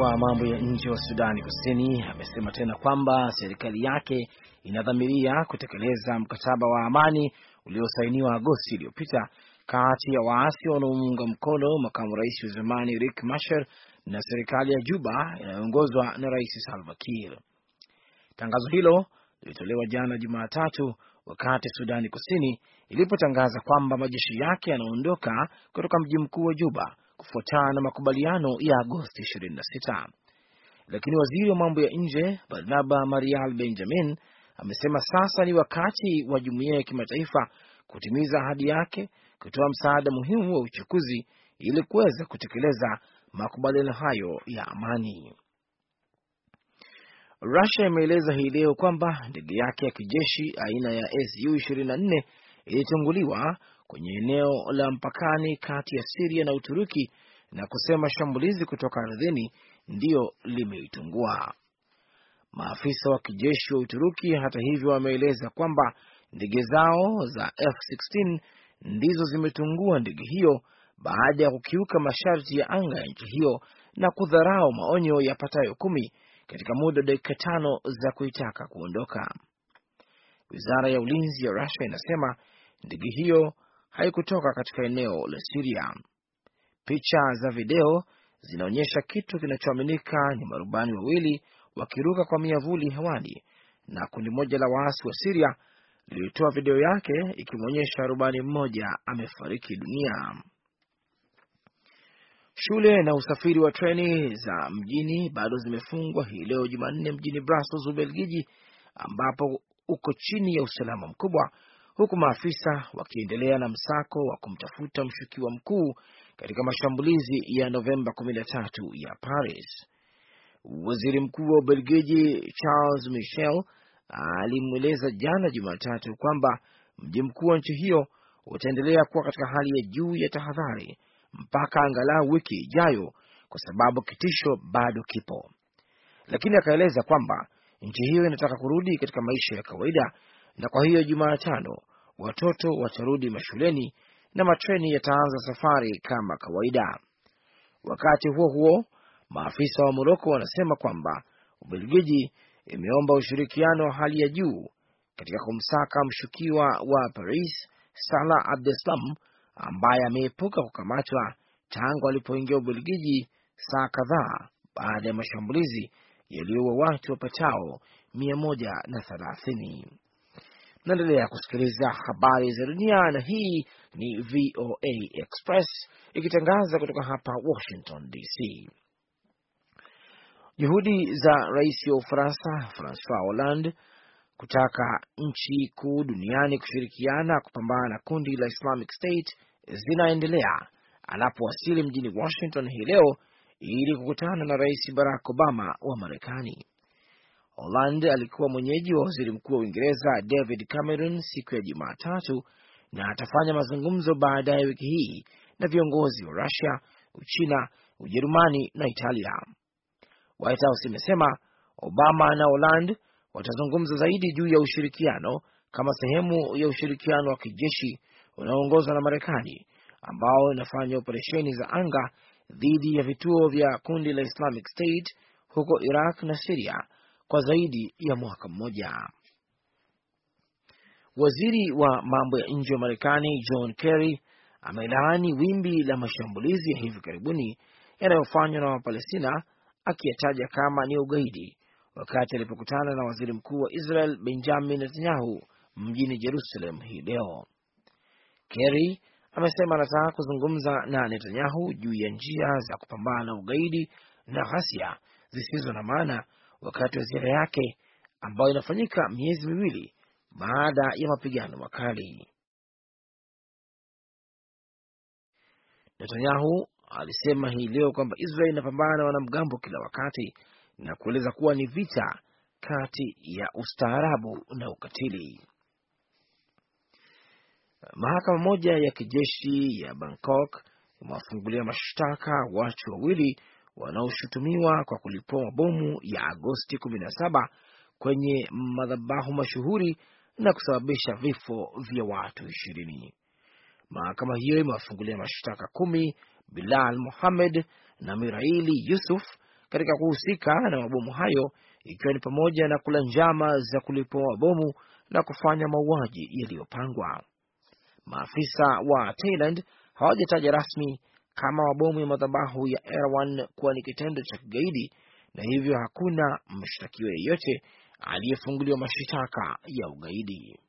wa mambo ya nje wa Sudani Kusini amesema tena kwamba serikali yake inadhamiria kutekeleza mkataba wa amani uliosainiwa Agosti iliyopita kati ya waasi wanaomuunga mkono makamu rais wa zamani Rick masher na serikali ya Juba inayoongozwa na Rais Salva Kiir. Tangazo hilo lilitolewa jana Jumatatu wakati Sudani Kusini ilipotangaza kwamba majeshi yake yanaondoka kutoka mji mkuu wa Juba kufuatana na makubaliano ya Agosti 26. Lakini waziri wa mambo ya nje Barnaba Marial Benjamin amesema sasa ni wakati wa jumuiya ya kimataifa kutimiza ahadi yake kutoa msaada muhimu wa uchukuzi ili kuweza kutekeleza makubaliano hayo ya amani. Rusia imeeleza hii leo kwamba ndege yake ya kijeshi aina ya Su 24 ilitunguliwa kwenye eneo la mpakani kati ya Siria na Uturuki na kusema shambulizi kutoka ardhini ndiyo limeitungua. Maafisa wa kijeshi wa Uturuki hata hivyo wameeleza kwamba ndege zao za F-16 ndizo zimetungua ndege hiyo baada ya kukiuka masharti ya anga ya nchi hiyo na kudharau maonyo ya patayo kumi katika muda wa dakika tano za kuitaka kuondoka. Wizara ya ulinzi ya Rusia inasema ndege hiyo haikutoka katika eneo la Siria. Picha za video zinaonyesha kitu kinachoaminika ni marubani wawili wakiruka kwa miavuli hewani, na kundi moja la waasi wa Siria lilitoa video yake ikimwonyesha rubani mmoja amefariki dunia. Shule na usafiri wa treni za mjini bado zimefungwa hii leo Jumanne mjini Brussels, Ubelgiji, ambapo uko chini ya usalama mkubwa huku maafisa wakiendelea na msako wa kumtafuta mshukiwa mkuu katika mashambulizi ya Novemba 13 ya Paris. Waziri Mkuu wa Ubelgiji Charles Michel alimweleza jana Jumatatu kwamba mji mkuu wa nchi hiyo utaendelea kuwa katika hali ya juu ya tahadhari mpaka angalau wiki ijayo, kwa sababu kitisho bado kipo, lakini akaeleza kwamba nchi hiyo inataka kurudi katika maisha ya kawaida, na kwa hiyo Jumatano watoto watarudi mashuleni na matreni yataanza safari kama kawaida. Wakati huo huo, maafisa wa Moroko wanasema kwamba Ubelgiji imeomba ushirikiano wa hali ya juu katika kumsaka mshukiwa wa Paris Salah Abdeslam ambaye ameepuka kukamatwa tangu alipoingia Ubelgiji saa kadhaa baada ya mashambulizi yaliyoua watu wapatao mia moja na thelathini. Naendelea kusikiliza habari za dunia, na hii ni VOA Express ikitangaza kutoka hapa Washington DC. Juhudi za rais wa Ufaransa Francois Hollande kutaka nchi kuu duniani kushirikiana kupambana na kundi la Islamic State zinaendelea anapowasili mjini Washington hii leo ili kukutana na rais Barack Obama wa Marekani. Holand alikuwa mwenyeji wa waziri mkuu wa Uingereza David Cameron siku ya Jumatatu na atafanya mazungumzo baadaye wiki hii na viongozi wa Rusia, Uchina, Ujerumani na Italia. White House imesema Obama na Holand watazungumza zaidi juu ya ushirikiano kama sehemu ya ushirikiano wa kijeshi unaoongozwa na Marekani ambao inafanya operesheni za anga dhidi ya vituo vya kundi la Islamic State huko Iraq na Siria kwa zaidi ya mwaka mmoja. Waziri wa mambo ya nje wa Marekani John Kerry amelaani wimbi la mashambulizi ya hivi karibuni yanayofanywa na Wapalestina akiyataja kama ni ugaidi, wakati alipokutana na waziri mkuu wa Israel Benjamin Netanyahu mjini Jerusalem hii leo. Kerry amesema anataka kuzungumza na Netanyahu juu ya njia za kupambana na ugaidi na ghasia zisizo na maana wakati wa ziara yake ambayo inafanyika miezi miwili baada ya mapigano makali. Netanyahu alisema hii leo kwamba Israel inapambana na wanamgambo kila wakati na kueleza kuwa ni vita kati ya ustaarabu na ukatili. Mahakama moja ya kijeshi ya Bangkok imewafungulia mashtaka watu wawili wanaoshutumiwa kwa kulipoa bomu ya Agosti 17 kwenye madhabahu mashuhuri na kusababisha vifo vya watu ishirini. Mahakama hiyo imewafungulia mashtaka kumi Bilal Muhamed na Miraili Yusuf katika kuhusika na mabomu hayo ikiwa ni pamoja na kula njama za kulipoa mabomu na kufanya mauaji yaliyopangwa. Maafisa wa Thailand hawajataja rasmi kama mabomu ya madhabahu ya Erwan kuwa ni kitendo cha kigaidi na hivyo hakuna mshtakiwa yeyote aliyefunguliwa mashtaka ya ugaidi.